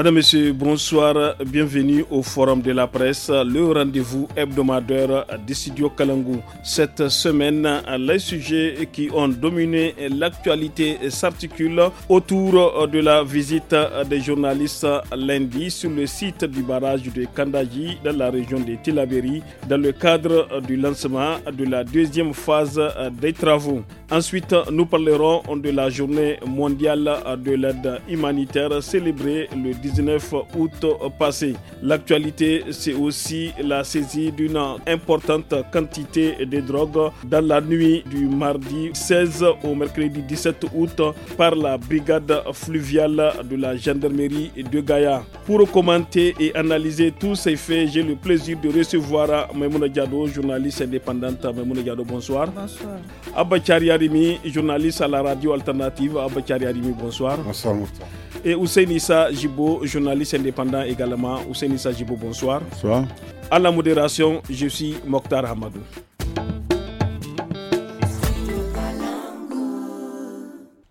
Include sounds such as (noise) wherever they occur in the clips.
Madame, Monsieur, bonsoir. Bienvenue au Forum de la presse, le rendez-vous hebdomadaire d'Issidio Kalangu. Kalangou. Cette semaine, les sujets qui ont dominé l'actualité s'articulent autour de la visite des journalistes lundi sur le site du barrage de Kandaji dans la région de Tilaberi dans le cadre du lancement de la deuxième phase des travaux. Ensuite, nous parlerons de la journée mondiale de l'aide humanitaire célébrée le 10 19 août passé. L'actualité, c'est aussi la saisie d'une importante quantité de drogue dans la nuit du mardi 16 au mercredi 17 août par la brigade fluviale de la gendarmerie de Gaïa. Pour commenter et analyser tous ces faits, j'ai le plaisir de recevoir Maimouna Diado, journaliste indépendante. Maimouna Diado, bonsoir. Bonsoir. Abba Arimi, journaliste à la radio alternative. Abba Arimi, bonsoir. Bonsoir, Et Hussein Issa Jibo, journaliste indépendant également. Ousseni Sajibou, bonsoir. Bonsoir. À la modération, je suis Mokhtar Hamadou.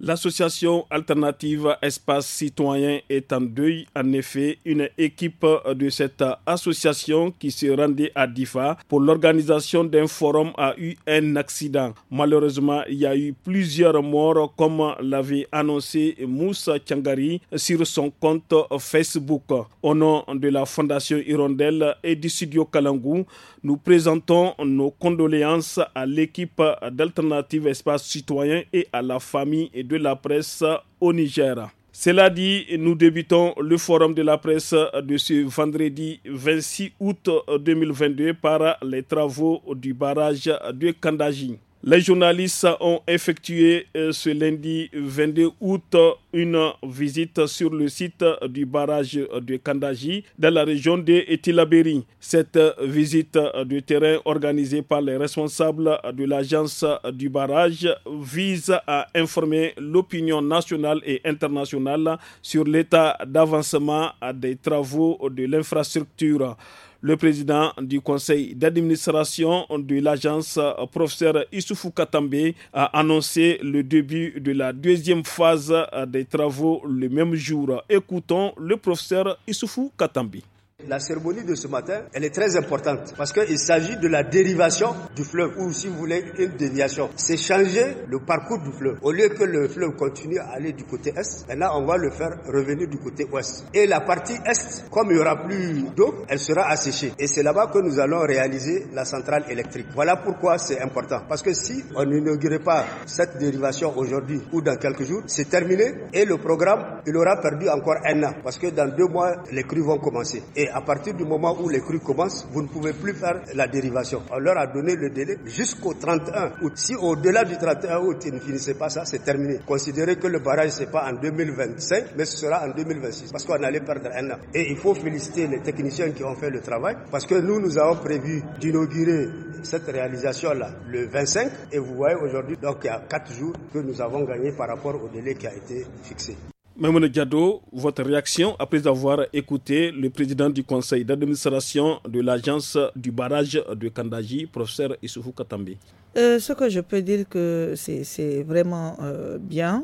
L'association alternative Espace Citoyen est en deuil. En effet, une équipe de cette association qui se rendait à Difa pour l'organisation d'un forum a eu un accident. Malheureusement, il y a eu plusieurs morts comme l'avait annoncé Moussa Tiangari sur son compte Facebook. Au nom de la Fondation Hirondelle et du studio Kalangou, nous présentons nos condoléances à l'équipe d'Alternative Espace Citoyen et à la famille de la presse au Niger. Cela dit, nous débutons le forum de la presse de ce vendredi 26 août 2022 par les travaux du barrage de Kandaji. Les journalistes ont effectué euh, ce lundi 22 août une visite sur le site du barrage de Kandaji dans la région de Etilaberi. Cette visite de terrain organisée par les responsables de l'agence du barrage vise à informer l'opinion nationale et internationale sur l'état d'avancement des travaux de l'infrastructure. Le président du conseil d'administration de l'agence, euh, professeur Issoufou Katambi, a annoncé le début de la deuxième phase euh, des travaux le même jour. Écoutons le professeur Issoufou Katambi. La cérémonie de ce matin, elle est très importante parce qu'il s'agit de la dérivation du fleuve ou si vous voulez une déviation. C'est changer le parcours du fleuve. Au lieu que le fleuve continue à aller du côté est, là on va le faire revenir du côté ouest. Et la partie est, comme il n'y aura plus d'eau, elle sera asséchée. Et c'est là-bas que nous allons réaliser la centrale électrique. Voilà pourquoi c'est important. Parce que si on n'inaugurait pas cette dérivation aujourd'hui ou dans quelques jours, c'est terminé et le programme, il aura perdu encore un an parce que dans deux mois, les crues vont commencer. Et à partir du moment où les crues commencent, vous ne pouvez plus faire la dérivation. On leur a donné le délai jusqu'au 31 août. Si au-delà du 31 août, ils ne finissaient pas ça, c'est terminé. Considérez que le barrage, c'est pas en 2025, mais ce sera en 2026, parce qu'on allait perdre un an. Et il faut féliciter les techniciens qui ont fait le travail, parce que nous, nous avons prévu d'inaugurer cette réalisation-là le 25, et vous voyez aujourd'hui, donc il y a quatre jours que nous avons gagné par rapport au délai qui a été fixé. Mamoun Diado, votre réaction après avoir écouté le président du conseil d'administration de l'agence du barrage de Kandaji, professeur Issoufou Katambi. Euh, ce que je peux dire que c'est vraiment euh, bien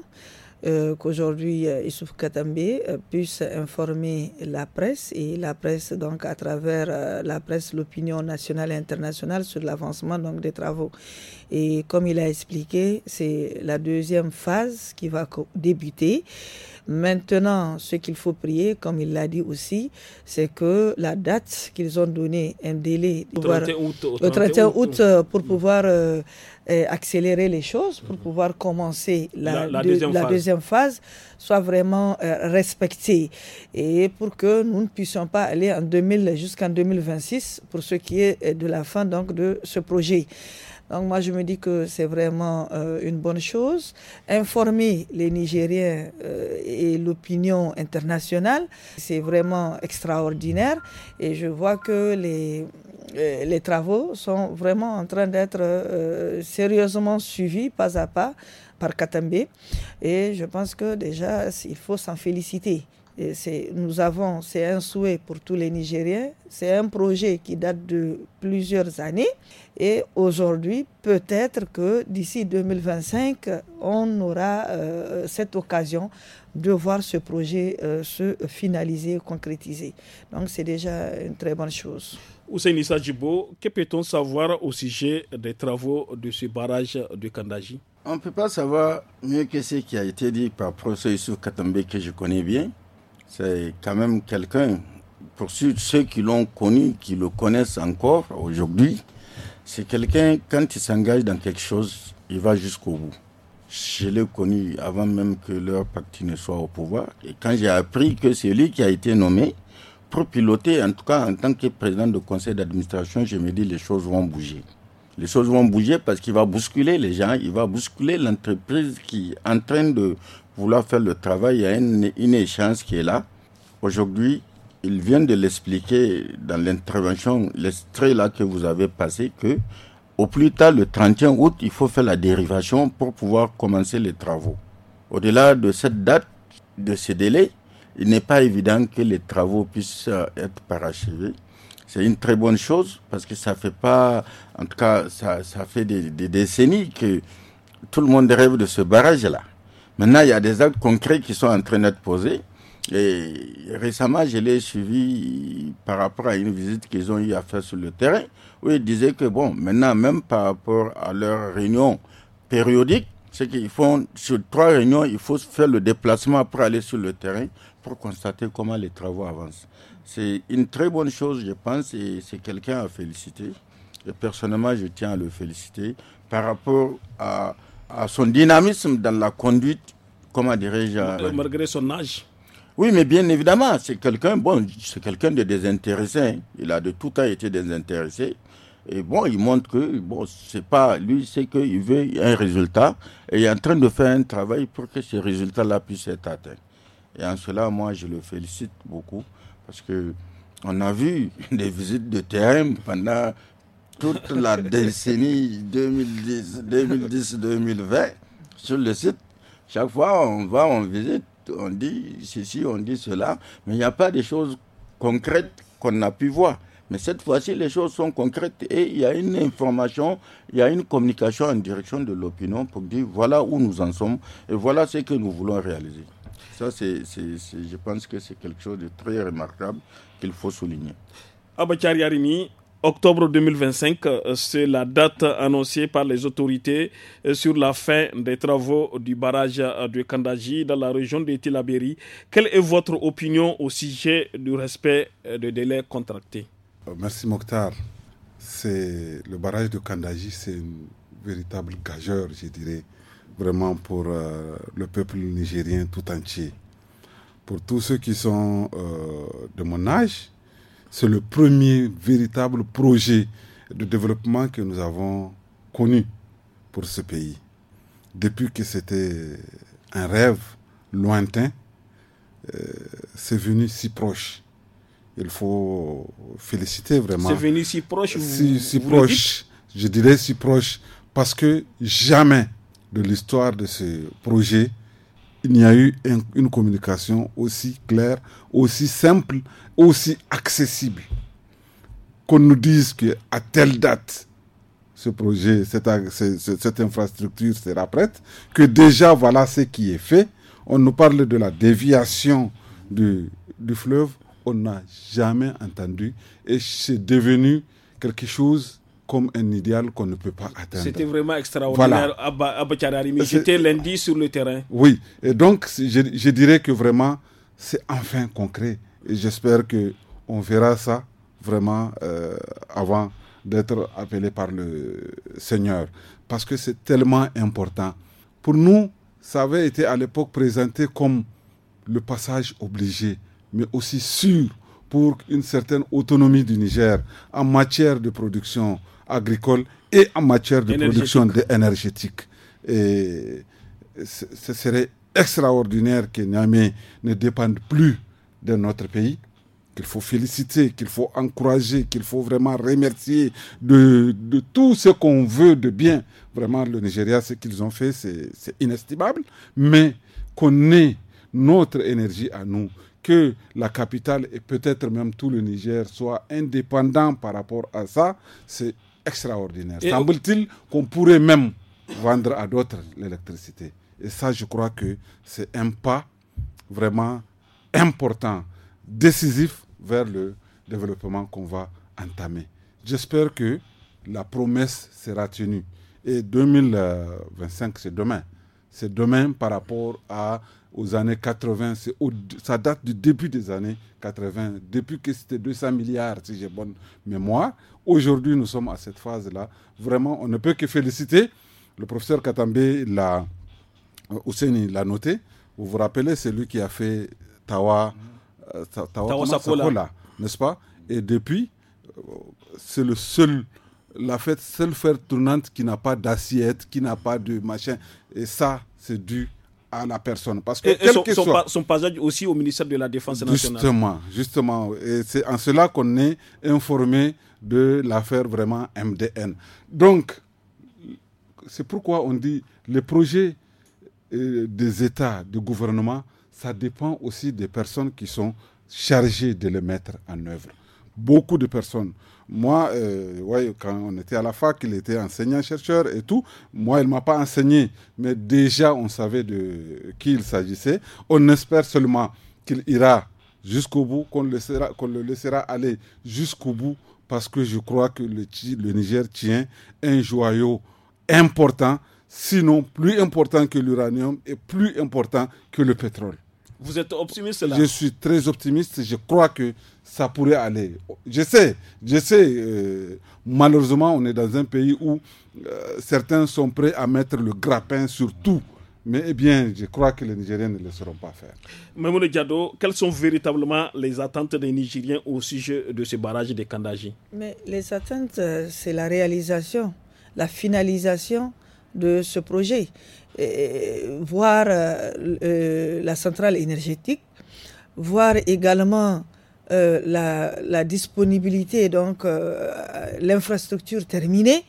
euh, qu'aujourd'hui Issoufou Katambi puisse informer la presse et la presse donc à travers la presse l'opinion nationale et internationale sur l'avancement des travaux. Et comme il a expliqué, c'est la deuxième phase qui va débuter. Maintenant, ce qu'il faut prier, comme il l'a dit aussi, c'est que la date qu'ils ont donnée, un délai, le août, 31 août, pour mm. pouvoir euh, euh, accélérer les choses, pour mm. pouvoir commencer la, la, deuxième, phase. soit vraiment euh, respectée. Et pour que nous ne puissions pas aller en 2000 jusqu'en 2026 pour ce qui est de la fin donc de ce projet. Donc moi, je me dis que c'est vraiment euh, une bonne chose. Informer les Nigériens euh, et l'opinion internationale, c'est vraiment extraordinaire. Et je vois que les, euh, les travaux sont vraiment en train d'être sérieusement suivis pas à pas par Katambe. Et je pense que déjà, il faut s'en féliciter nous avons, c'est un souhait pour tous les Nigériens, c'est un projet qui date de plusieurs années et aujourd'hui, peut-être que d'ici 2025, on aura euh, cette occasion de voir ce projet euh, se finaliser, concrétiser. Donc c'est déjà une très bonne chose. Nissa Djibo, que peut-on savoir au sujet des travaux de ce barrage de Kandaji On ne peut pas savoir mieux que ce qui a été dit par professeur Yusuf Katambe que je connais bien. C'est quand même quelqu'un, pour ceux qui l'ont connu, qui le connaissent encore aujourd'hui, c'est quelqu'un, quand il s'engage dans quelque chose, il va jusqu'au bout. Je l'ai connu avant même que leur parti ne soit au pouvoir. Et quand j'ai appris que c'est lui qui a été nommé pour piloter, en tout cas en tant que président de conseil d'administration, je me dis les choses vont bouger. Les choses vont bouger parce qu'il va bousculer les gens, il va bousculer l'entreprise qui est en train de vouloir faire le travail, il y a une, une échéance qui est là. Aujourd'hui, il vient de l'expliquer dans l'intervention, l'extrait là que vous avez passé, que au plus tard le 31 août, il faut faire la dérivation pour pouvoir commencer les travaux. Au-delà de cette date, de ce délai, il n'est pas évident que les travaux puissent être parachevés. C'est une très bonne chose parce que ça fait pas, en tout cas, ça, ça fait des décennies que tout le monde rêve de ce barrage-là. Maintenant, il y a des actes concrets qui sont en train d'être posés. Et récemment, je l'ai suivi par rapport à une visite qu'ils ont eu à faire sur le terrain, où ils disaient que, bon, maintenant, même par rapport à leurs réunions périodiques, c'est qu'ils font, sur trois réunions, il faut faire le déplacement pour aller sur le terrain pour constater comment les travaux avancent. C'est une très bonne chose, je pense, et c'est quelqu'un à féliciter. Et personnellement, je tiens à le féliciter par rapport à à son dynamisme dans la conduite, comment dirais-je euh, Malgré son âge Oui, mais bien évidemment, c'est quelqu'un bon, c'est quelqu'un de désintéressé. Il a de tout temps été désintéressé. Et bon, il montre que bon, c'est pas lui, c'est qu'il veut un résultat et il est en train de faire un travail pour que ce résultat-là puisse être atteint. Et en cela, moi, je le félicite beaucoup parce que on a vu (laughs) des visites de terrain pendant toute la décennie 2010-2020 sur le site. Chaque fois, on va, on visite, on dit ceci, on dit cela, mais il n'y a pas de choses concrètes qu'on a pu voir. Mais cette fois-ci, les choses sont concrètes et il y a une information, il y a une communication en direction de l'opinion pour dire voilà où nous en sommes et voilà ce que nous voulons réaliser. Ça, c'est, je pense que c'est quelque chose de très remarquable qu'il faut souligner octobre 2025, euh, c'est la date annoncée par les autorités euh, sur la fin des travaux du barrage euh, de Kandaji dans la région de Tilaberi. Quelle est votre opinion au sujet du respect des délais contractés Merci Mokhtar. Le barrage de Kandaji, c'est une véritable gageur, je dirais, vraiment pour le peuple nigérien tout entier. Pour tous ceux qui sont de mon âge, c'est le premier véritable projet de développement que nous avons connu pour ce pays. Depuis que c'était un rêve lointain, euh, c'est venu si proche. Il faut féliciter vraiment. C'est venu si proche. Si, si proche, je dirais si proche, parce que jamais de l'histoire de ce projet, il n'y a eu une communication aussi claire, aussi simple, aussi accessible. Qu'on nous dise qu'à telle date, ce projet, cette, infrastructure sera prête, que déjà voilà ce qui est fait. On nous parle de la déviation du fleuve, on n'a jamais entendu et c'est devenu quelque chose comme un idéal qu'on ne peut pas atteindre. C'était vraiment extraordinaire, lundi sur le terrain. Oui, et donc je, dirais que vraiment, c'est enfin concret. Et j'espère qu'on verra ça vraiment euh, avant d'être appelé par le Seigneur. Parce que c'est tellement important. Pour nous, ça avait été à l'époque présenté comme le passage obligé, mais aussi sûr pour une certaine autonomie du Niger en matière de production, agricole et en matière de production énergétique. Et ce serait extraordinaire que Niamey ne dépende plus de notre pays, qu'il faut féliciter, qu'il faut encourager, qu'il faut vraiment remercier de, de tout ce qu'on veut de bien. Vraiment, le Nigeria, ce qu'ils ont fait, c'est inestimable, mais qu'on ait notre énergie à nous, que la capitale et peut-être même tout le Niger soit indépendant par rapport à ça, c'est extraordinaire. Semble-t-il qu'on pourrait même vendre à d'autres l'électricité. Et ça, je crois que c'est un pas vraiment important, décisif vers le développement qu'on va entamer. J'espère que la promesse sera tenue. Et 2025, c'est demain. C'est demain par rapport à aux années 80. ça date du début des années 80, depuis que c'était 200 milliards, si j'ai bonne mémoire. Aujourd'hui, nous sommes à cette phase-là. Vraiment, on ne peut que féliciter. Le professeur Katambe l'a, euh, l'a noté. Vous vous rappelez, c'est lui qui a fait Tawa, euh, tawa, Sakola, n'est-ce pas Et depuis, euh, c'est le seul la fête seule fête tournante qui n'a pas d'assiette, qui n'a pas de machin. Et ça, c'est dû à la personne. Parce que, son, passage aussi au ministère de la Défense nationale. Justement, justement. Et c'est en cela qu'on est informé de l'affaire vraiment MDN. Donc, c'est pourquoi on dit les projet euh, des États, du gouvernement, ça dépend aussi des personnes qui sont chargées de le mettre en œuvre beaucoup de personnes. Moi, euh, quand on était à la fac, il était enseignant-chercheur et tout. Moi, il ne m'a pas enseigné, mais déjà, on savait de qui il s'agissait. On espère seulement qu'il ira jusqu'au bout, qu'on le, le laissera aller jusqu'au bout, parce que je crois que le Niger tient un joyau important, sinon plus important que l'uranium et plus important que le pétrole. Vous êtes optimiste là Je suis très optimiste. Je crois que ça pourrait aller. Je sais, je sais. Euh, malheureusement, on est dans un pays où euh, certains sont prêts à mettre le grappin sur tout. Mais eh bien, je crois que les Nigériens ne le sauront pas faire. Mamoune Diado, quelles sont véritablement les attentes des Nigériens au sujet de ce barrage de Kandaji Mais les attentes, euh, c'est la réalisation, la finalisation de ce projet voir euh, la centrale énergétique, voir également euh, la, la, disponibilité, donc euh, l'infrastructure terminée,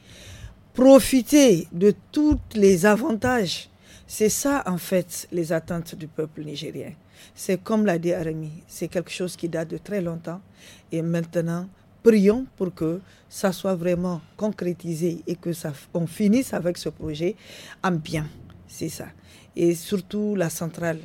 profiter de tous les avantages. C'est ça, en fait, les attentes du peuple nigérien. C'est comme l'a dit Arami, c'est quelque chose qui date de très longtemps. Et maintenant, prions pour que ça soit vraiment concrétisé et que ça, on finisse avec ce projet en bien. C'est ça. Et surtout la centrale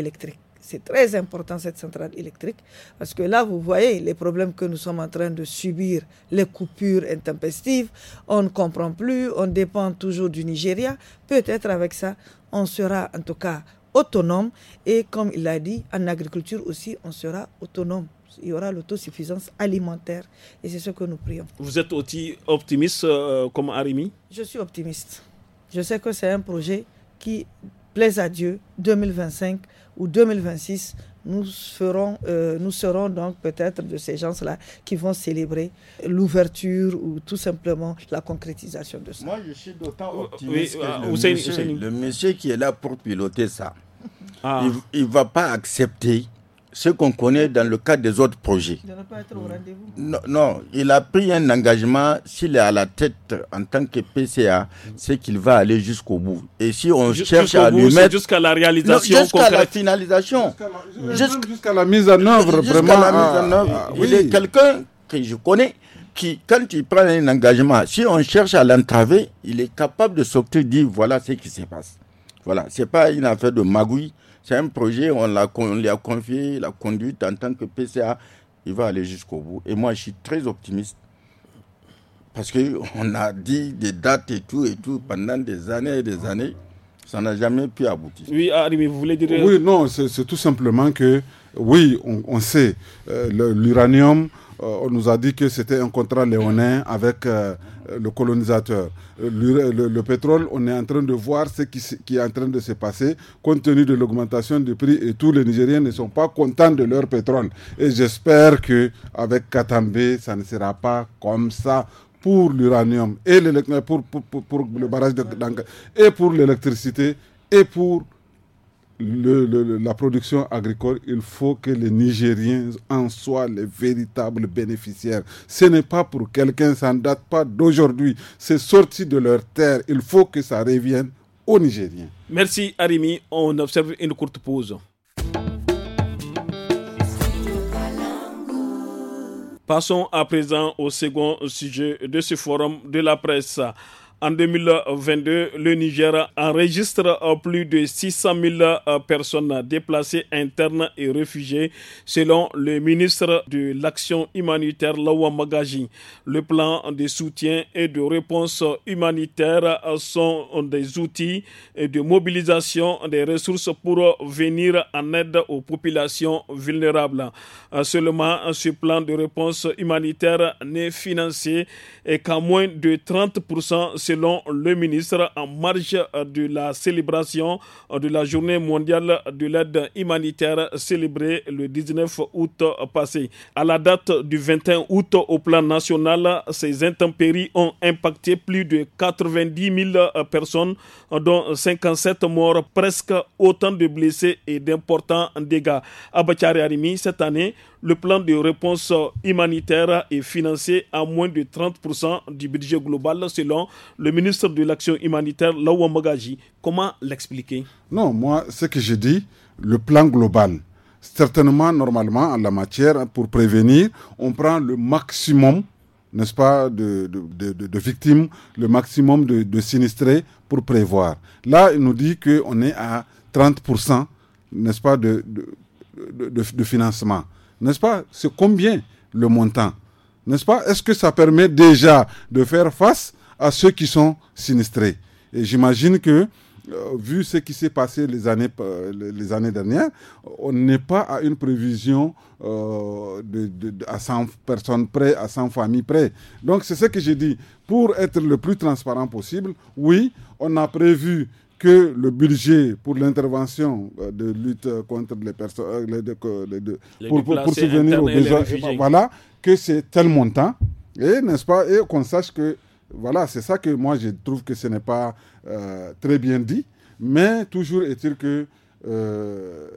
électrique. C'est très important cette centrale électrique parce que là, vous voyez les problèmes que nous sommes en train de subir, les coupures intempestives, on ne comprend plus, on dépend toujours du Nigeria. Peut-être avec ça, on sera en tout cas autonome et comme il l'a dit, en agriculture aussi, on sera autonome. Il y aura l'autosuffisance alimentaire et c'est ce que nous prions. Vous êtes aussi optimiste euh, comme Arimi Je suis optimiste. Je sais que c'est un projet qui plaise à Dieu. 2025 ou 2026, euh, nous serons donc peut-être de ces gens-là qui vont célébrer l'ouverture ou tout simplement la concrétisation de ça. Moi, je suis d'autant euh, optimiste que euh, le, monsieur, qui est là pour piloter ça, ah. il ne va pas accepter ce qu'on connaît dans le cadre des autres projets. Il pas être au mm. rendez non, non, il a pris un engagement, s'il est à la tête en tant que PCA, mm. c'est qu'il va aller jusqu'au bout. Et si on cherche à lui mettre... Jusqu'à la réalisation Jusqu'à la finalisation. Jusqu'à la, mise en œuvre, vraiment. Ah, ah, il est quelqu'un que je connais qui, quand il prend un engagement, si on cherche à l'entraver, il est capable de sortir dire voilà ce qui se passe. Voilà, c'est pas une affaire de magouille, c'est un projet, on, l'a, lui a confié la conduite en tant que PCA. Il va aller jusqu'au bout. Et moi, je suis très optimiste. Parce qu'on a dit des dates et tout, et tout, pendant des années et des années. Ça n'a jamais pu aboutir. Oui, mais vous voulez dire... Oui, non, c'est, tout simplement que oui, on, sait. Euh, l'uranium, euh, on nous a dit que c'était un contrat léonin avec euh, le colonisateur. Le, pétrole, on est en train de voir ce qui, est en train de se passer compte tenu de l'augmentation du prix et tous les Nigériens ne sont pas contents de leur pétrole. Et j'espère que avec Katambe, ça ne sera pas comme ça pour l'uranium et pour, pour, le barrage de, et pour l'électricité et pour le, la production agricole, il faut que les Nigériens en soient les véritables bénéficiaires. Ce n'est pas pour quelqu'un, ça ne date pas d'aujourd'hui. C'est sorti de leur terre. Il faut que ça revienne aux Nigériens. Merci Arimi. On observe une courte pause. Passons à présent au second sujet de ce forum de la presse. En 2022, le Niger enregistre euh, plus de 600 000 euh, personnes déplacées internes et réfugiées, selon le ministre de l'Action humanitaire Lawa Magaji. Le plan de soutien et de réponse humanitaire sont des outils de mobilisation des ressources pour venir en aide aux populations vulnérables. Euh, seulement, ce plan de réponse humanitaire n'est financé qu'à moins de 30 selon le ministre, en marge de la célébration de la journée mondiale de l'aide humanitaire célébrée le 19 août passé. À la date du 21 août, au plan national, ces intempéries ont impacté plus de 90 000 personnes, dont 57 morts, presque autant de blessés et d'importants dégâts. Abachari Arimi, cette année, le plan de réponse humanitaire est financé à moins de 30% du budget global selon le ministre de l'Action humanitaire, Lawa Comment l'expliquer Non, moi, ce que je dis, le plan global. Certainement, normalement, en la matière, pour prévenir, on prend le maximum n'est-ce pas, de, victimes, le maximum de, sinistrés pour prévoir. Là, il nous dit qu'on est à 30%, n'est-ce pas, de, de, financement. N'est-ce pas C'est combien le montant N'est-ce pas Est-ce que ça permet déjà de faire face à ceux qui sont sinistrés. Et j'imagine que euh, vu ce qui s'est passé les années, euh, les années dernières, on n'est pas à une prévision euh, de, à 100 personnes près, à 100 familles près. Donc c'est ce que j'ai dit. Pour être le plus transparent possible, oui, on a prévu que le budget pour l'intervention de lutte contre les personnes, les, les, pour, pour, pour subvenir aux besoins, voilà, que c'est tel montant. Et n'est-ce pas, et qu'on sache que voilà, c'est ça que moi je trouve que ce n'est pas euh, très bien dit, mais toujours est-il que euh,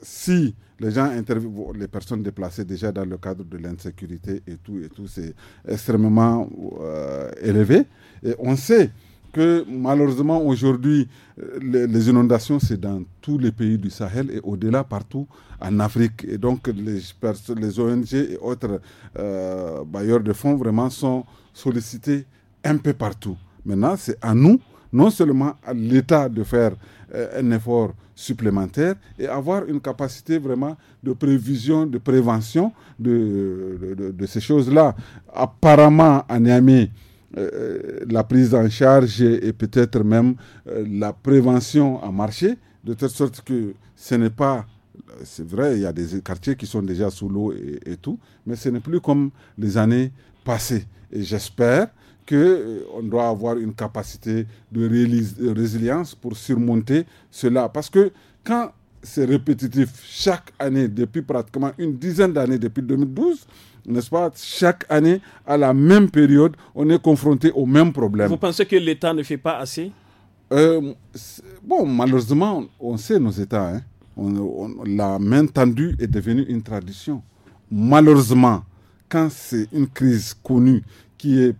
si les gens interviewent les personnes déplacées déjà dans le cadre de l'insécurité et tout, et tout, c'est extrêmement euh, élevé. Et on sait que malheureusement aujourd'hui, les, inondations, c'est dans tous les pays du Sahel et au-delà, partout en Afrique. Et donc les, ONG et autres bailleurs de fonds vraiment sont sollicité un peu partout. Maintenant, c'est à nous, non seulement à l'État de faire euh, un effort supplémentaire et avoir une capacité vraiment de prévision, de prévention de, de, ces choses-là. Apparemment, en Niamey, euh, euh, la prise en charge et peut-être même la prévention a marché, de telle sorte que ce n'est pas c'est vrai, il y a des quartiers qui sont déjà sous l'eau et, tout, mais ce n'est plus comme les années passé. Et j'espère qu'on euh, doit avoir une capacité de, résilience pour surmonter cela. Parce que quand c'est répétitif chaque année depuis pratiquement une dizaine d'années, depuis 2012, n'est-ce pas Chaque année, à la même période, on est confronté au même problème. Vous pensez que l'État ne fait pas assez euh, Bon, malheureusement, on sait nos États. Hein. la main tendue est devenue une tradition. Malheureusement, quand c'est une crise connue qui est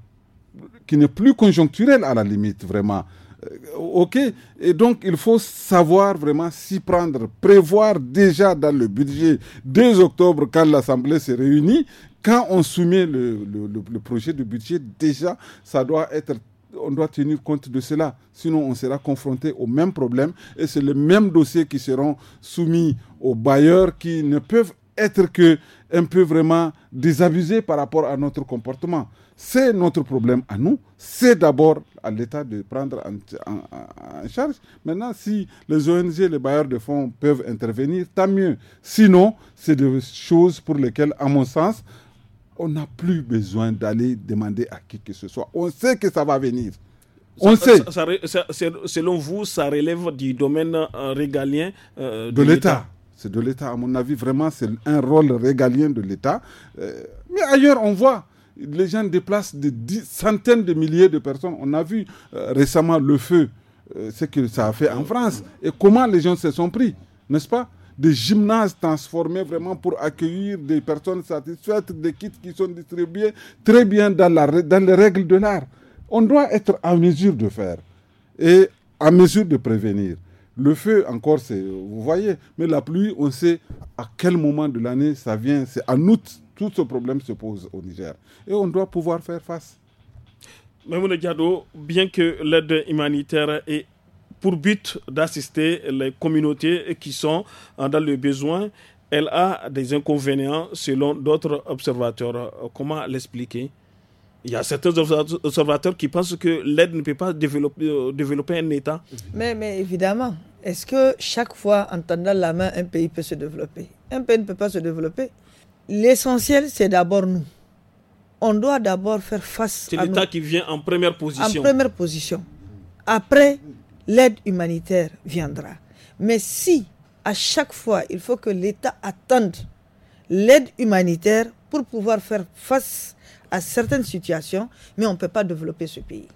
qui n'est plus conjoncturelle à la limite vraiment. Euh, ok, et donc il faut savoir vraiment s'y prendre, prévoir déjà dans le budget dès octobre quand l'Assemblée se réunit, quand on soumet le, le, le, projet de budget, déjà ça doit être, on doit tenir compte de cela, sinon on sera confronté au même problème et c'est le même dossier qui seront soumis aux bailleurs qui ne peuvent être que un peu vraiment désabusé par rapport à notre comportement. C'est notre problème à nous. C'est d'abord à l'État de prendre en, charge. Maintenant, si les ONG, les bailleurs de fonds peuvent intervenir, tant mieux. Sinon, c'est des choses pour lesquelles, à mon sens, on n'a plus besoin d'aller demander à qui que ce soit. On sait que ça va venir. On sait. selon vous, ça relève du domaine euh, régalien euh, de l'État c'est de l'État. À mon avis, vraiment, c'est un rôle régalien de l'État. Euh, mais ailleurs, on voit les gens déplacent des centaines de milliers de personnes. On a vu euh, récemment le feu, euh, ce que ça a fait en France, et comment les gens se sont pris, n'est-ce pas des gymnases transformés vraiment pour accueillir des personnes satisfaites, des kits qui sont distribués très bien dans, dans les règles de l'art. On doit être en mesure de faire et en mesure de prévenir. Le feu, encore, c'est, vous voyez, mais la pluie, on sait à quel moment de l'année ça vient. C'est en août, tout ce problème se pose au Niger. Et on doit pouvoir faire face. Mme Diado, bien que l'aide humanitaire ait pour but d'assister les communautés qui sont dans le besoin, elle a des inconvénients selon d'autres observateurs. Comment l'expliquer il y a certains observateurs qui pensent que l'aide ne peut pas euh, développer, un État. Mais, mais évidemment, est-ce que chaque fois, en tendant la main, un pays peut se développer Un pays ne peut pas se développer. L'essentiel, c'est d'abord nous. On doit d'abord faire face à. C'est l'État qui vient en première position. En première position. Après, l'aide humanitaire viendra. Mais si, à chaque fois, il faut que l'État attende l'aide humanitaire pour pouvoir faire face à certaines situations, mais on ne peut pas développer ce pays.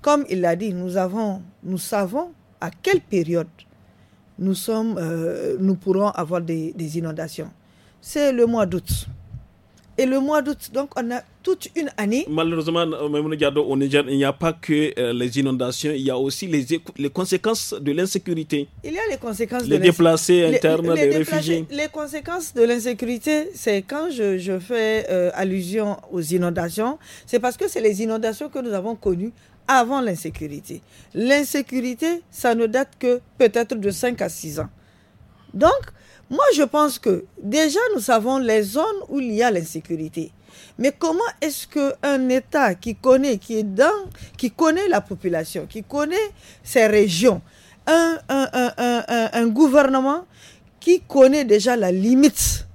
Comme il l'a dit, nous, avons, nous savons à quelle période nous, sommes, euh, nous pourrons avoir des inondations. C'est le mois d'août et le mois d'août. Donc, on a toute une année. Malheureusement, euh, au Niger, il n'y a pas que euh, les inondations, il y a aussi les, les conséquences de l'insécurité. Il y a les conséquences les déplacés internes, les, réfugiés. Les conséquences de l'insécurité, c'est quand je, je fais euh, allusion aux inondations, c'est parce que c'est les inondations que nous avons connues avant l'insécurité. L'insécurité, ça ne date que peut-être de 5 à 6 ans. Donc, moi, je pense que déjà, nous savons les zones où il y a l'insécurité. Mais comment est-ce qu'un État qui connaît, qui est dans, qui connaît la population, qui connaît ses régions, un, gouvernement qui connaît déjà la limite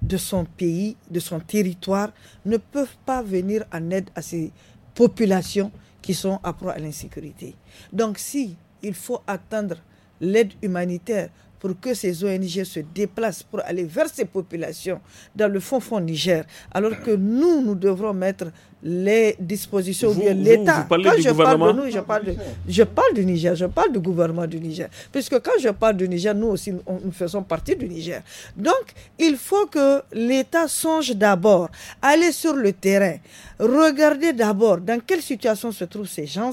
de son pays, de son territoire, ne peut pas venir en aide à ces populations qui sont à proie à l'insécurité. Donc si il faut attendre l'aide humanitaire pour que ces ONG se déplacent pour aller vers ces populations dans le fond fond Niger, alors que nous, nous devrons mettre les dispositions bien l'État. Quand je parle de nous, je parle, de, je parle du Niger, je parle du gouvernement du Niger. Puisque quand je parle du Niger, nous aussi, nous faisons partie du Niger. Donc, il faut que l'État songe d'abord, aller sur le terrain, regarder d'abord dans quelle situation se trouvent ces gens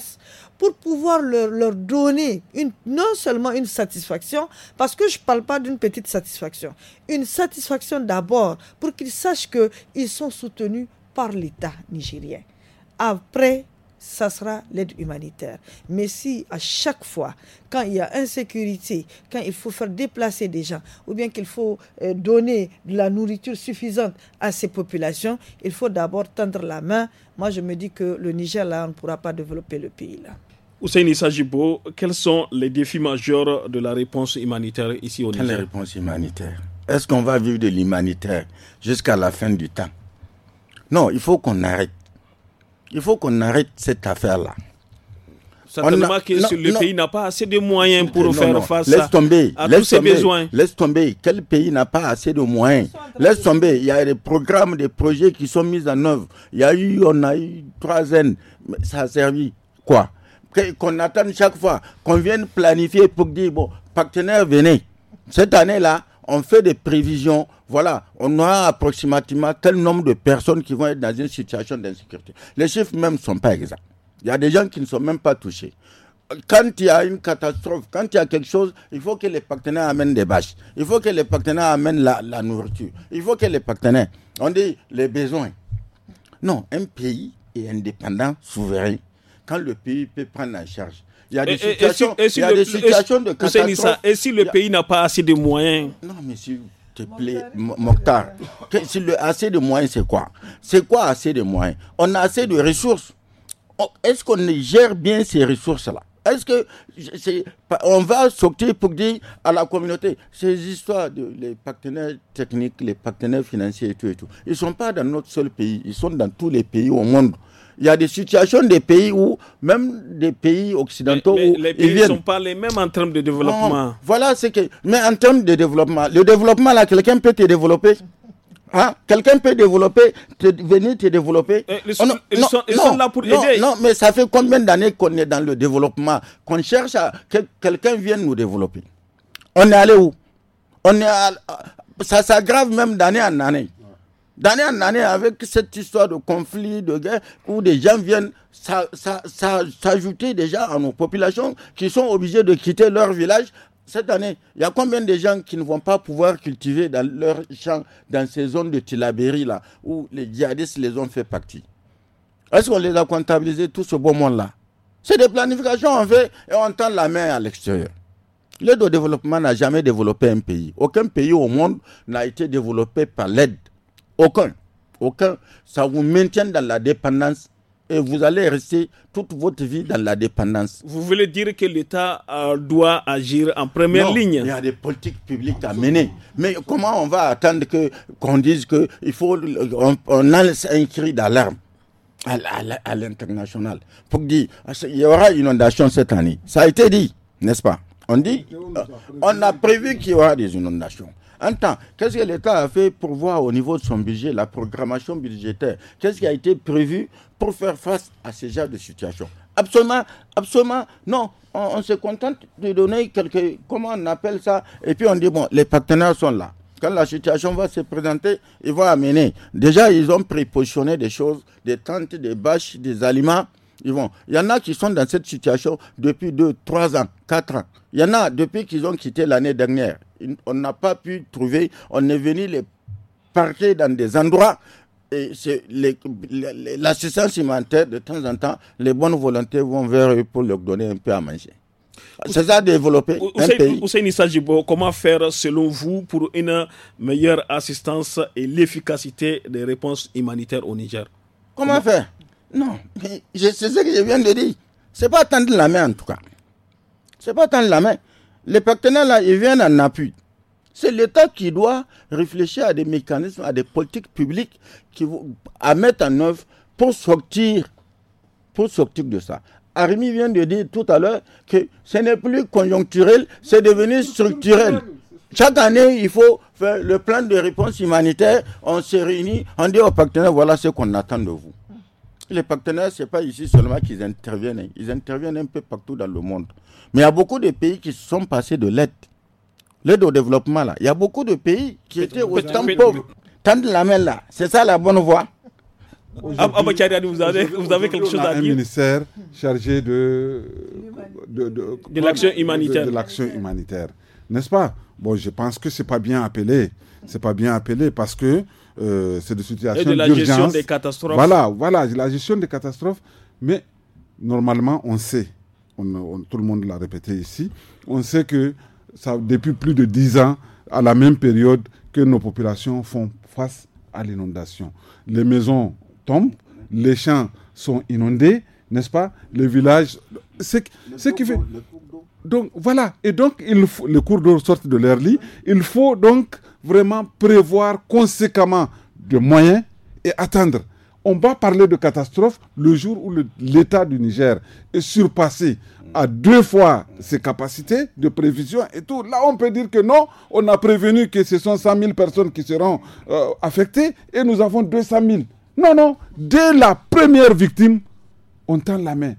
pour pouvoir leur, donner non seulement une satisfaction, parce que je ne parle pas d'une petite satisfaction, une satisfaction d'abord pour qu'ils sachent qu'ils sont soutenus par l'État nigérien. Après, ça sera l'aide humanitaire. Mais si à chaque fois, quand il y a insécurité, quand il faut faire déplacer des gens, ou bien qu'il faut euh, donner de la nourriture suffisante à ces populations, il faut d'abord tendre la main. Moi, je me dis que le Niger, là, on ne pourra pas développer le pays, là. Hussein Sajibo, quels sont les défis majeurs de la réponse humanitaire ici au Niger Quelle réponse humanitaire Est-ce qu'on va vivre de l'humanitaire jusqu'à la fin du temps Non, il faut qu'on arrête. Il faut qu'on arrête cette affaire-là. Certainement que le pays n'a pas assez de moyens pour faire face tomber, à, laisse tous tomber, ses besoins. Laisse tomber. Quel pays n'a pas assez de moyens Laisse tomber. Il y a des programmes, des projets qui sont mis en œuvre. Il y a eu, on a eu trois Ça a servi quoi qu'on attend chaque fois, qu'on vienne planifier pour dire, bon, partenaire, venez. Cette année-là, on fait des prévisions. Voilà, on aura approximativement tel nombre de personnes qui vont être dans une situation d'insécurité. Les chiffres même ne sont pas exacts. Il y a des gens qui ne sont même pas touchés. Quand il y a une catastrophe, quand il y a quelque chose, il faut que les partenaires amènent des bâches. Il faut que les partenaires amènent la, la nourriture. Il faut que les partenaires, on dit les besoins. Non, un pays est indépendant, souverain, quand le pays peut prendre en charge. Il y a des situations, de catastrophe. et si le pays n'a pas assez de moyens Non, mais s'il te plaît, Mokhtar, si assez de moyens, c'est quoi C'est quoi assez de moyens On a assez de ressources. Est-ce qu'on gère bien ces ressources-là est-ce que on va sortir pour dire à la communauté ces histoires de les partenaires techniques, les partenaires financiers et tout et tout. Ils sont pas dans notre seul pays, ils sont dans tous les pays au monde. Il y a des situations des pays où, même des pays occidentaux, ils les pays ne sont pas les mêmes en termes de développement. voilà ce que. Mais en termes de développement, le développement là, quelqu'un peut te développer. Hein? Quelqu'un peut développer, te, venir te développer. Euh, oh, ils, sont, là pour non, aider. Non, mais ça fait combien d'années qu'on est dans le développement Qu'on cherche à que quelqu'un vienne nous développer. On est allé où On est ça s'aggrave même d'année en année. D'année en année, avec cette histoire de conflit, de guerre, où des gens viennent s'ajouter déjà à nos populations qui sont obligées de quitter leur village. Cette année, il y a combien de gens qui ne vont pas pouvoir cultiver dans leurs champs, dans ces zones de tilabéry là, où les djihadistes les ont fait partie Est-ce qu'on les a comptabilisés, tout ce beau monde-là C'est des planifications, on fait et on tend la main à l'extérieur. L'aide au développement n'a jamais développé un pays. Aucun pays au monde n'a été développé par l'aide aucun. Aucun. Ça vous maintient dans la dépendance et vous allez rester toute votre vie dans la dépendance. Vous voulez dire que l'État euh, doit agir en première non, ligne Il y a des politiques publiques à mener. Mais comment on va attendre que qu'on dise que il faut on, un cri d'alarme à, l'international pour dire ah, il y aura inondation cette année. Ça a été dit, n'est-ce pas On dit euh, on a prévu qu'il y aura des inondations qu'est-ce que l'État a fait pour voir au niveau de son budget, la programmation budgétaire Qu'est-ce qui a été prévu pour faire face à ce genre de situation Absolument, absolument, non. On, se contente de donner quelques, comment on appelle ça, et puis on dit, bon, les partenaires sont là. Quand la situation va se présenter, ils vont amener. Déjà, ils ont prépositionné des choses, des tentes, des bâches, des aliments. Ils vont. Il y en a qui sont dans cette situation depuis 2, 3 ans, 4 ans. Il y en a depuis qu'ils ont quitté l'année dernière on n'a pas pu trouver. On est venu les parquer dans des endroits et l'assistance humanitaire, de temps en temps, les bonnes volontés vont vers eux pour leur donner un peu à manger. C'est ça développer développé un pays. comment faire selon vous pour une meilleure assistance et l'efficacité des réponses humanitaires au Niger Comment, faire Non, c'est ce que je viens de dire. C'est pas tendre la main en tout cas. C'est pas tendre la main. Les partenaires, là, ils viennent en appui. C'est l'État qui doit réfléchir à des mécanismes, à des politiques publiques qui, à mettre en œuvre pour sortir, pour sortir de ça. Arimi vient de dire tout à l'heure que ce n'est plus conjoncturel, c'est devenu structurel. Chaque année, il faut faire le plan de réponse humanitaire. On se réunit, on dit aux partenaires, voilà ce qu'on attend de vous. Les partenaires, ce n'est pas ici seulement qu'ils interviennent. Hein. Ils interviennent un peu partout dans le monde. Mais il y a beaucoup de pays qui sont passés de l'aide. L'aide au développement, là. Il y a beaucoup de pays qui étaient temps pauvres. Tandis la main, là. C'est ça la bonne voie. Ah, ah, bah, vous avez, quelque chose à dire un ministère chargé de, l'action humanitaire. De, l'action humanitaire. N'est-ce pas Bon, je pense que c'est pas bien appelé. C'est pas bien appelé parce que euh, c'est de situations d'urgence. de la gestion des catastrophes. Voilà, voilà, la gestion des catastrophes. Mais normalement, on sait on, tout le monde l'a répété ici, on sait que ça, depuis plus de dix ans, à la même période que nos populations font face à l'inondation. Les maisons tombent, les champs sont inondés, n'est-ce pas Les villages... ce qui fait... Donc voilà, et donc il faut, les cours d'eau sortent de leur lit, il faut donc vraiment prévoir conséquemment de moyens et attendre on va parler de catastrophe le jour où l'État du Niger est surpassé à deux fois ses capacités de prévision et tout. Là, on peut dire que non, on a prévenu que ce sont 100 000 personnes qui seront euh, affectées et nous avons 200 000. Non, non, dès la première victime, on tend la main.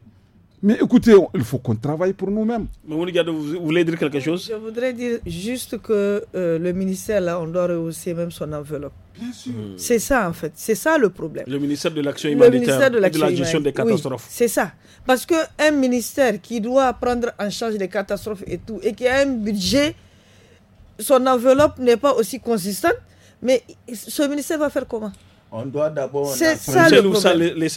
Mais écoutez, il faut qu'on travaille pour nous-mêmes. Mais vous voulez dire quelque chose Je voudrais dire juste que euh, le ministère, là, on doit rehausser même son enveloppe. Bien sûr. Hmm. C'est ça, en fait. C'est ça le problème. Le ministère de l'Action humanitaire. de la gestion des catastrophes. c'est ça. Parce qu'un ministère qui doit prendre en charge les catastrophes et tout, et qui a un budget, son enveloppe n'est pas aussi consistante, mais ce ministère va faire comment on doit d'abord. C'est ça, le problème.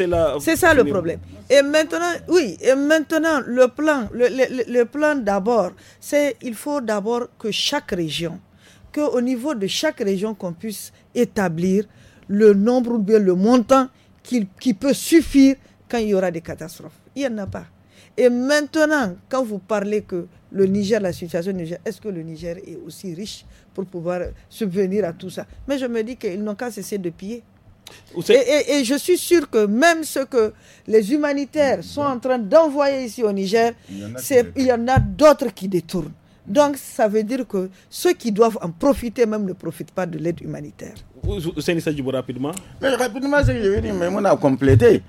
C'est ça le problème. Et maintenant, oui, et maintenant, le plan, le, le, le plan d'abord, c'est il faut d'abord que chaque région, qu'au niveau de chaque région, qu'on puisse établir le nombre ou bien le montant qui, qui peut suffire quand il y aura des catastrophes. Il n'y en a pas. Et maintenant, quand vous parlez que le Niger, la situation du Niger, est-ce que le Niger est aussi riche pour pouvoir subvenir à tout ça Mais je me dis qu'ils n'ont qu'à cesser de piller. Et, je suis sûr que même ce que les humanitaires sont en train d'envoyer ici au Niger, il y en a d'autres qui détournent. Donc, ça veut dire que ceux qui doivent en profiter même ne profitent pas de l'aide humanitaire. Sadibou, rapidement. Mais rapidement, ce que je veux dire, mais on a complété.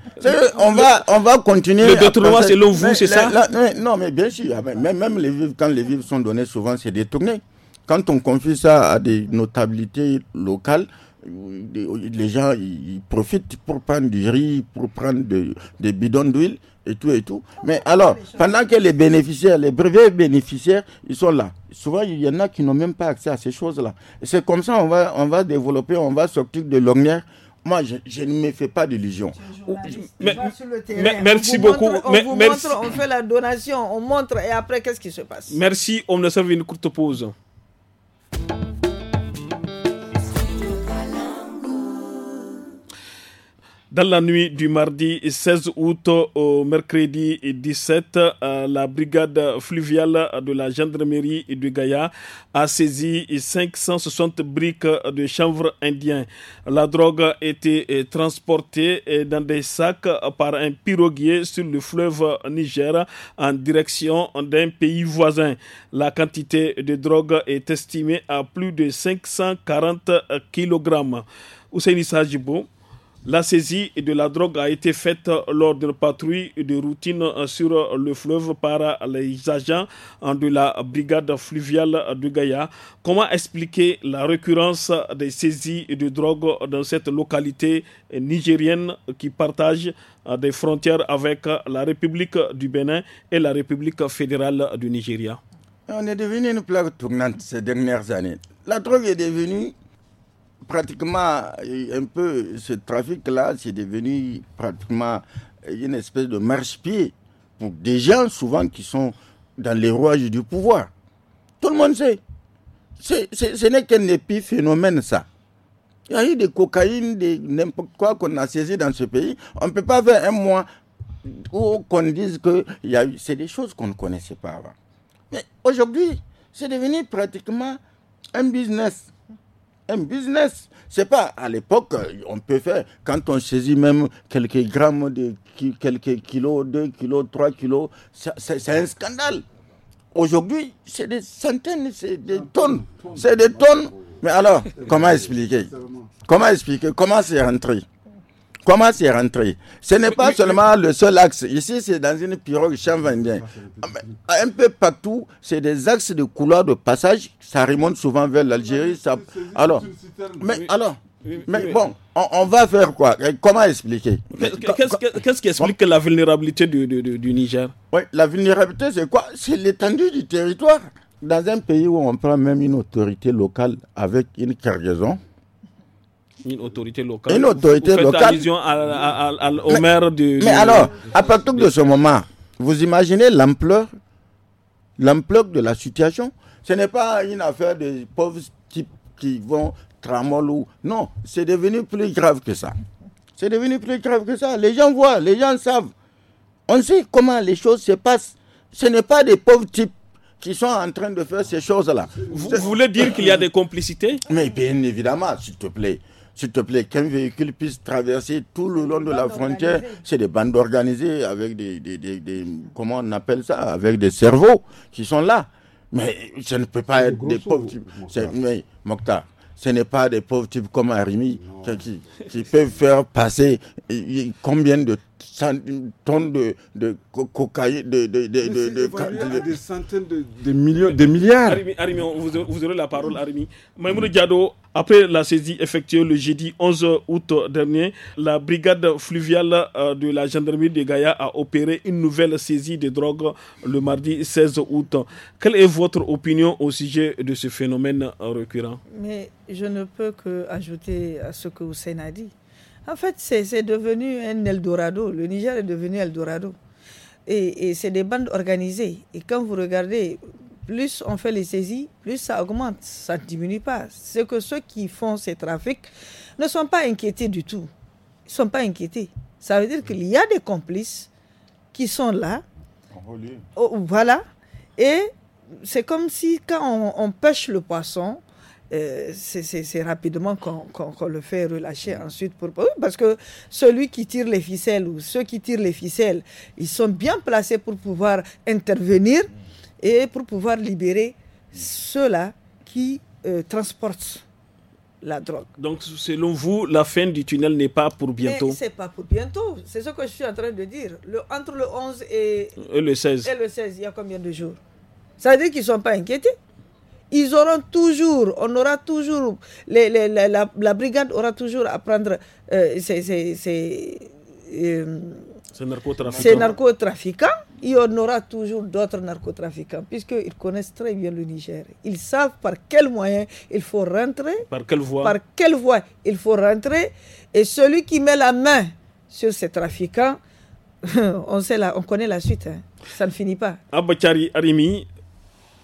On va, on va continuer. Le détournement, c'est l'eau, vous, c'est ça Non, mais bien sûr. Ah, même, même les vivres, quand les vivres sont donnés, souvent, c'est détourné. Quand on confie ça à des notabilités locales, les gens ils profitent pour prendre du riz, pour prendre des bidons d'huile et tout et tout. Oh, mais alors, pendant que les bénéficiaires, les brevets bénéficiaires, ils sont là. Souvent, il y en a qui n'ont même pas accès à ces choses-là. C'est comme ça, on va, on va développer, on va sortir de l'ornière. Moi, je, ne me fais pas d'illusions. Merci beaucoup. on, merci. on fait la donation, on montre et après, qu'est-ce qui se passe Merci, on nous serve une courte pause. Dans la nuit du mardi 16 août au mercredi 17, euh, la brigade fluviale de la gendarmerie du Gaïa a saisi 560 briques de chanvre indien. La drogue a été transportée dans des sacs par un piroguier sur le fleuve Niger en direction d'un pays voisin. La quantité de drogue est estimée à plus de 540 kg. Ousseini Sajibo, la saisie de la drogue a été faite lors d'une patrouille de routine sur le fleuve par les agents de la brigade fluviale de Gaïa. Comment expliquer la récurrence des saisies de drogue dans cette localité nigérienne qui partage des frontières avec la République du Bénin et la République fédérale du Nigeria On est devenu une plaque tournante ces dernières années. La drogue est devenue pratiquement, euh, un peu, ce trafic-là, c'est devenu pratiquement euh, une espèce de marche-pied pour des gens souvent qui sont dans les rouages du pouvoir. Tout le monde sait. ce n'est qu'un épiphénomène, ça. Il y a eu des cocaïnes, n'importe quoi qu'on a saisi dans ce pays. On ne peut pas faire un mois où qu'on dise que y a eu, c'est des choses qu'on ne connaissait pas avant. Mais aujourd'hui, c'est devenu pratiquement un business un business. C'est pas à l'époque, on peut faire, quand on saisit même quelques grammes, de, quelques kilos, deux kilos, trois kilos, c'est un scandale. Aujourd'hui, c'est des centaines, c'est des tonnes, c'est des tonnes. Mais alors, comment expliquer Comment expliquer Comment c'est rentré Comment c'est rentré Ce n'est pas seulement le seul axe. Ici, c'est dans une pirogue champ ah, Un peu partout, c'est des axes de couloirs de passage. Ça remonte souvent vers l'Algérie. Ça... Alors, mais alors, mais bon, on, va faire quoi Comment expliquer Qu'est-ce qui explique la vulnérabilité du, du Niger la vulnérabilité, c'est quoi C'est l'étendue du territoire. Dans un pays où on prend même une autorité locale avec une cargaison, une autorité locale. Une autorité locale. Allusion au maire du. Mais alors, à partir de, ce moment, vous imaginez l'ampleur, l'ampleur de la situation. Ce n'est pas une affaire de pauvres types qui vont ou Non, c'est devenu plus grave que ça. C'est devenu plus grave que ça. Les gens voient, les gens savent. On sait comment les choses se passent. Ce n'est pas des pauvres types qui sont en train de faire ces choses-là. vous voulez dire qu'il y a des complicités Mais bien évidemment, s'il te plaît s'il te plaît, qu'un véhicule puisse traverser tout le long de la frontière. C'est des bandes organisées avec des, comment on appelle ça, avec des cerveaux qui sont là. Mais ce ne peut pas être des pauvres types. Mais Mokta, ce n'est pas des pauvres types comme Arimi qui, peuvent faire passer euh, euh, combien de tonnes de, cocaïne, de, des centaines de, millions, de milliards. Arimi, vous, aurez la parole, Arimi. Diado, après la saisie effectuée le jeudi 11 août dernier, la brigade fluviale euh, de la gendarmerie de Gaïa a opéré une nouvelle saisie de drogue le mardi 16 août. Quelle est votre opinion au sujet de ce phénomène récurrent Mais je ne peux qu'ajouter à ce que dit. En fait, c'est devenu un Eldorado. Le Niger est devenu Eldorado. Et, c'est des bandes organisées. Et quand vous regardez, plus on fait les saisies, plus ça augmente, ça ne diminue pas. C'est que ceux qui font ces trafics ne sont pas inquiétés du tout. Ils ne sont pas inquiétés. Ça veut dire qu'il y a des complices qui sont là. Oh, voilà. Et c'est comme si quand on pêche le poisson, euh, c'est rapidement qu'on le fait relâcher ensuite. Pour, parce que celui qui tire les ficelles ou ceux qui tirent les ficelles, ils sont bien placés pour pouvoir intervenir et pour pouvoir libérer ceux-là qui euh, transportent la drogue. Donc, selon vous, la fin du tunnel n'est pas pour bientôt C'est pas pour bientôt. C'est ce que je suis en train de dire. Le, entre le 11 et, le 16. et le 16, il y a combien de jours Ça veut dire qu'ils ne sont pas inquiétés. Ils auront toujours, on aura toujours, la, brigade aura toujours à prendre euh, euh, ces, narcotrafiquants. ces narcotrafiquants. Il y en aura toujours d'autres narcotrafiquants, puisqu'ils connaissent très bien le Niger. Ils savent par quels moyens il faut rentrer. Par quelle voie Par quelle voie il faut rentrer. Et celui qui met la main sur ces trafiquants, (laughs) on, sait la, on connaît la suite. Hein. Ça ne finit pas. Abachari Arimi,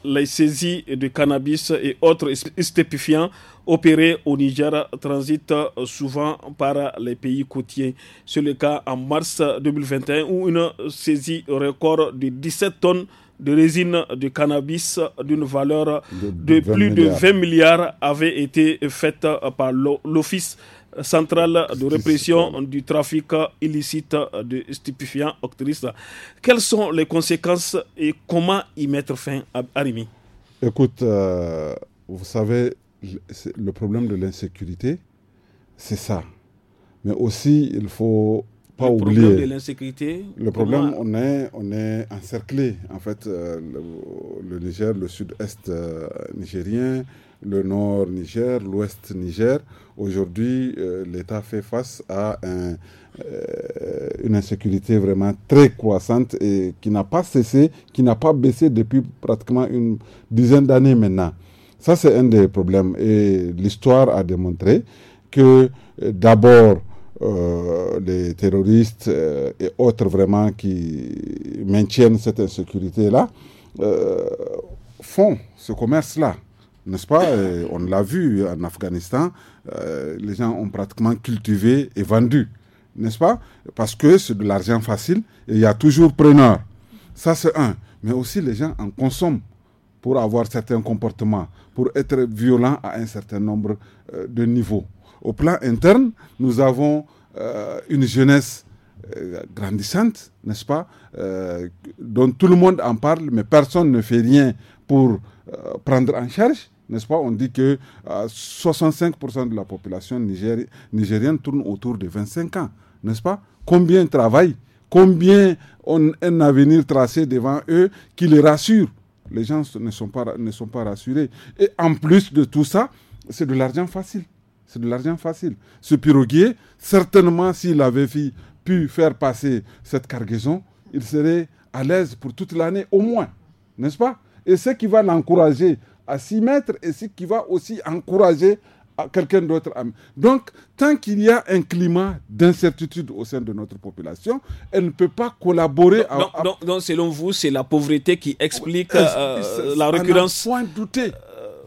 les saisies de cannabis et autres stupéfiants opérés au Niger transitent euh, souvent par les pays côtiers. C'est le cas en mars 2021 où une saisie record de 17 tonnes de résine de cannabis d'une valeur de, plus de 20 milliards avait été faite euh, par l'Office centrale de répression du trafic illicite de stupéfiants octrices. Quelles sont les conséquences et comment y mettre fin à Arimi Écoute, euh, vous savez, le problème de l'insécurité, c'est ça. Mais aussi, il faut pas oublier... le Problème de l'insécurité. Le problème, on est, on est encerclé. En fait, euh, le, Niger, le sud-est euh, nigérien, le nord Niger, l'ouest Niger. Aujourd'hui, euh, l'État fait face à euh, une insécurité vraiment très croissante et qui n'a pas cessé, qui n'a pas baissé depuis pratiquement une dizaine d'années maintenant. Ça, c'est un des problèmes. Et l'histoire a démontré que euh, d'abord, les terroristes et autres vraiment qui maintiennent cette insécurité-là, font ce commerce-là. N'est-ce pas euh, On l'a vu en Afghanistan, euh, les gens ont pratiquement cultivé et vendu, n'est-ce pas Parce que c'est de l'argent facile et il y a toujours preneur. Ça, c'est un. Mais aussi, les gens en consomment pour avoir certains comportements, pour être violents à un certain nombre euh, de niveaux. Au plan interne, nous avons une jeunesse grandissante, n'est-ce pas, dont tout le monde en parle, mais personne ne fait rien pour prendre en charge, n'est-ce pas On dit que 65% euh, de la population nigérienne tourne autour de 25 ans. N'est-ce pas Combien travaillent Combien ont un avenir tracé devant eux qui les rassure Les gens ne sont pas, ne sont pas rassurés. Et en plus de tout ça, c'est de l'argent facile. C'est de l'argent facile. Ce piroguier, certainement, s'il avait pu faire passer cette cargaison, il serait à l'aise pour toute l'année au moins. N'est-ce pas Et ce qui va l'encourager à s'y mettre et ce qui va aussi encourager quelqu'un d'autre. Donc, tant qu'il y a un climat d'incertitude au sein de notre population, elle ne peut pas collaborer. Donc, donc, selon vous, c'est la pauvreté qui explique euh, la récurrence. point douté.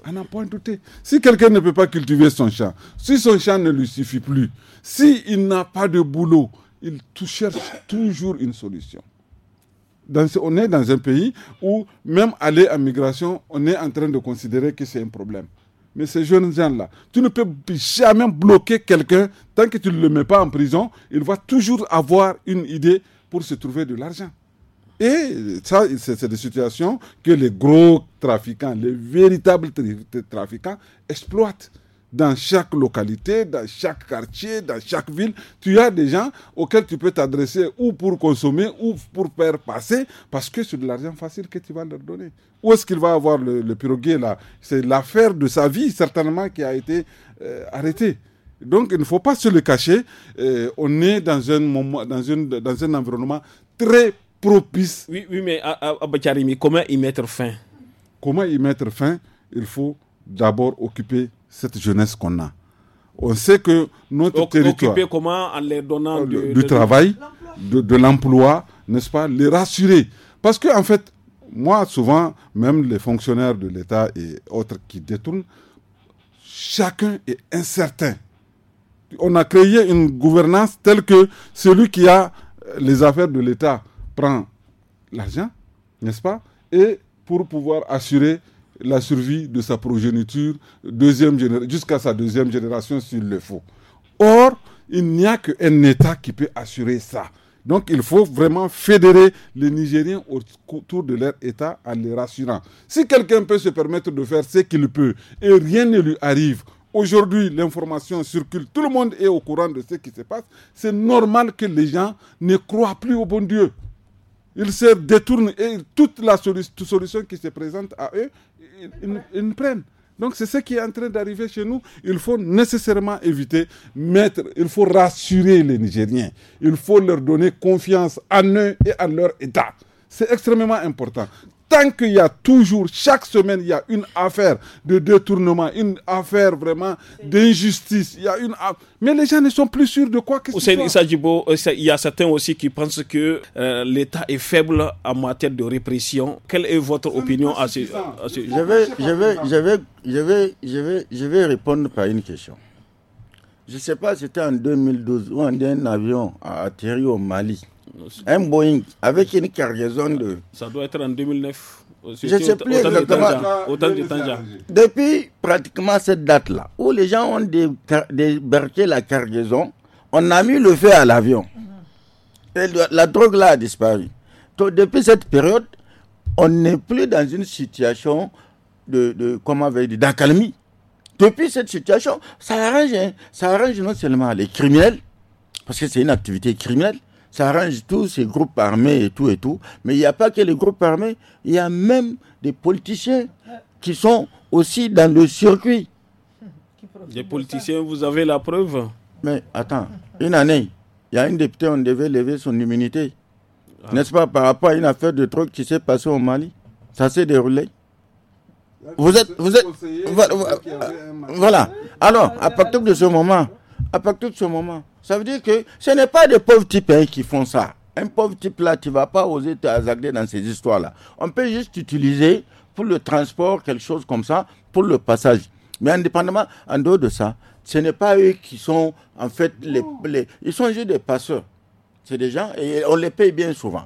On n'a point douté. Si quelqu'un ne peut pas cultiver son champ, si son champ ne lui suffit plus, s'il n'a pas de boulot, il cherche toujours une solution on est dans un pays où même aller en migration, on est en train de considérer que c'est un problème. Mais ces jeunes gens-là, tu ne peux jamais bloquer quelqu'un tant que tu ne le mets pas en prison. Il va toujours avoir une idée pour se trouver de l'argent. Et ça, c'est des situations que les gros trafiquants, les véritables trafiquants exploitent dans chaque localité, dans chaque quartier, dans chaque ville, tu as des gens auxquels tu peux t'adresser ou pour consommer ou pour faire passer parce que c'est de l'argent facile que tu vas leur donner. Où est-ce qu'il va avoir le, le là C'est l'affaire de sa vie certainement qui a été euh, arrêtée. Donc il ne faut pas se le cacher. Euh, on est dans un, moment, dans, une, dans un environnement très propice. Oui, oui mais ah, ah, Abacharimi, comment y mettre fin Comment y mettre fin Il faut d'abord occuper cette jeunesse qu'on a. On sait que notre territoire... Occuper comment En les donnant euh, du, travail, de, de l'emploi, n'est-ce pas Les rassurer. Parce que en fait, moi, souvent, même les fonctionnaires de l'État et autres qui détournent, chacun est incertain. On a créé une gouvernance telle que celui qui a euh, les affaires de l'État prend l'argent, n'est-ce pas Et pour pouvoir assurer la survie de sa progéniture jusqu'à sa deuxième génération s'il le faut. Or, il n'y a qu'un État qui peut assurer ça. Donc il faut vraiment fédérer les Nigériens autour de leur État en les rassurant. Si quelqu'un peut se permettre de faire ce qu'il peut et rien ne lui arrive, aujourd'hui l'information circule, tout le monde est au courant de ce qui se passe, c'est normal que les gens ne croient plus au bon Dieu. Ils se détournent et toute la solution qui se présente à eux, ils, ne prennent. Donc c'est ce qui est en train d'arriver chez nous. Il faut nécessairement éviter, mettre, il faut rassurer les Nigériens. Il faut leur donner confiance en eux et en leur État. C'est extrêmement important tant qu'il y a toujours, chaque semaine, il y a une affaire de détournement, une affaire vraiment d'injustice. Il y a une Mais les gens ne sont plus sûrs de quoi que ce soit. Euh, il y a certains aussi qui pensent que euh, l'État est faible en matière de répression. Quelle est votre opinion à ce, sujet Je, vais, je, vais, je, vais, je, vais, je, vais, je vais répondre par une question. Je ne sais pas, c'était en 2012 où un avion a atterri au Mali un Boeing avec une cargaison de. Ça doit être en 2009. Je ne sais plus exactement. Depuis pratiquement cette date-là, où les gens ont débarqué la cargaison, on a mis le feu à l'avion. la drogue-là a disparu. depuis cette période, on n'est plus dans une situation de, d'accalmie. Depuis cette situation, ça arrange, hein. ça arrange non seulement les criminels, parce que c'est une activité criminelle, ça arrange tous, ces groupes armés et tout et tout. Mais il n'y a pas que les groupes armés, il y a même des politiciens qui sont aussi dans le circuit. Des politiciens, vous avez la preuve Mais attends, une année, il y a une députée, on devait lever son immunité. Ah. N'est-ce pas par rapport à une affaire de truc qui s'est passée au Mali Ça s'est déroulé. Vous êtes, vous êtes, voilà. Alors, à partir de ce moment, à partir de ce moment. Ça veut dire que ce n'est pas des pauvres types hein, qui font ça. Un pauvre type là, tu vas pas oser te hasarder dans ces histoires-là. On peut juste utiliser pour le transport, quelque chose comme ça, pour le passage. Mais indépendamment, en dehors de ça, ce n'est pas eux qui sont en fait les, ils sont juste des passeurs. C'est des gens et on les paye bien souvent.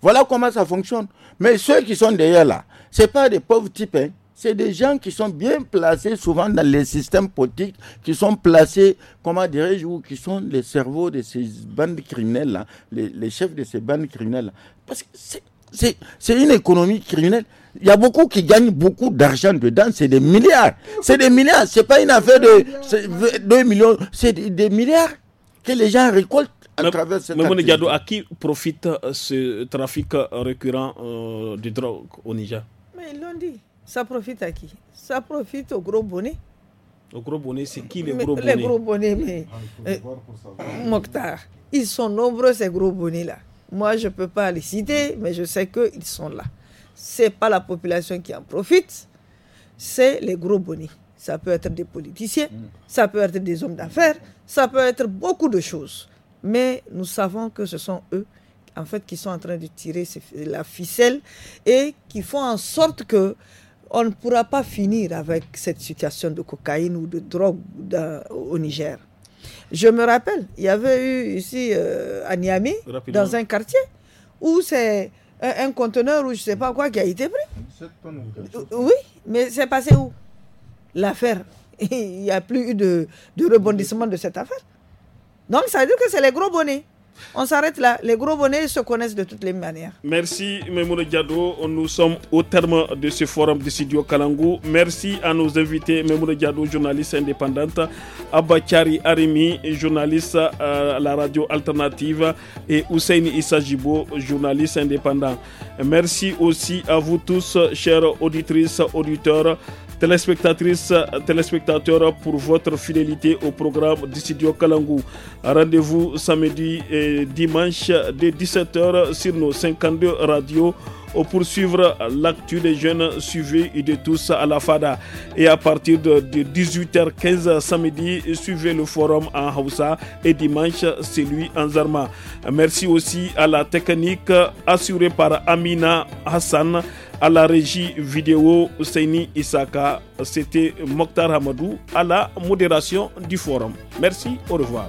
Voilà comment ça fonctionne. Mais ceux qui sont derrière là, ce n'est pas des pauvres types. Hein c'est des gens qui sont bien placés souvent dans les systèmes politiques, qui sont placés, comment dirais-je, ou qui sont les cerveaux de ces bandes criminelles, là les, chefs de ces bandes criminelles. là Parce que c'est une économie criminelle. Il y a beaucoup qui gagnent beaucoup d'argent dedans, c'est des milliards. C'est des milliards, c'est pas une affaire de 2 millions, c'est des milliards que les gens récoltent à travers cette mais Gado, à qui profite euh, ce trafic euh, récurrent euh, de drogue au Niger Mais ils l'ont dit. Ça profite à qui Ça profite aux gros bonnets. Au gros bonnets, c'est qui les gros bonnets Les gros bonnets, mais. Ah, euh, ils sont nombreux ces gros bonnets-là. Moi, je ne peux pas les citer, mais je sais qu'ils sont là. Ce n'est pas la population qui en profite, c'est les gros bonnets. Ça peut être des politiciens, mm. ça peut être des hommes d'affaires, ça peut être beaucoup de choses. Mais nous savons que ce sont eux, en fait, qui sont en train de tirer la ficelle et qui font en sorte que on ne pourra pas finir avec cette situation de cocaïne ou de drogue au Niger. Je me rappelle, il y avait eu ici euh, à Niamey, dans un quartier, où c'est un, conteneur ou je ne sais pas quoi qui a été pris. Oui, mais c'est passé où L'affaire. (laughs) Il n'y a plus eu de, de rebondissement de cette affaire. Donc ça veut dire que c'est les gros bonnets on s'arrête là. Les gros bonnets se connaissent de toutes les manières. Merci, Memoune Diado. Nous sommes au terme de ce forum de Studio Kalangou. Merci à nos invités, Memoune Diado, journaliste indépendante, Abakari Arimi, journaliste euh, à la radio alternative, et Hussein Issajibo, journaliste indépendant. Merci aussi à vous tous, chères auditrices, auditeurs téléspectatrices, téléspectateurs, pour votre fidélité au programme d'Issidio Kalangu, Rendez-vous samedi et dimanche dès 17h sur nos 52 radios pour suivre l'actu des jeunes suivez de tous à la FADA. Et à partir de 18h15 samedi, suivez le forum en Hausa et dimanche, celui en Zarma. Merci aussi à la technique assurée par Amina Hassan, à la régie vidéo Seini Isaka. C'était Mokhtar Hamadou à la modération du forum. Merci, au revoir.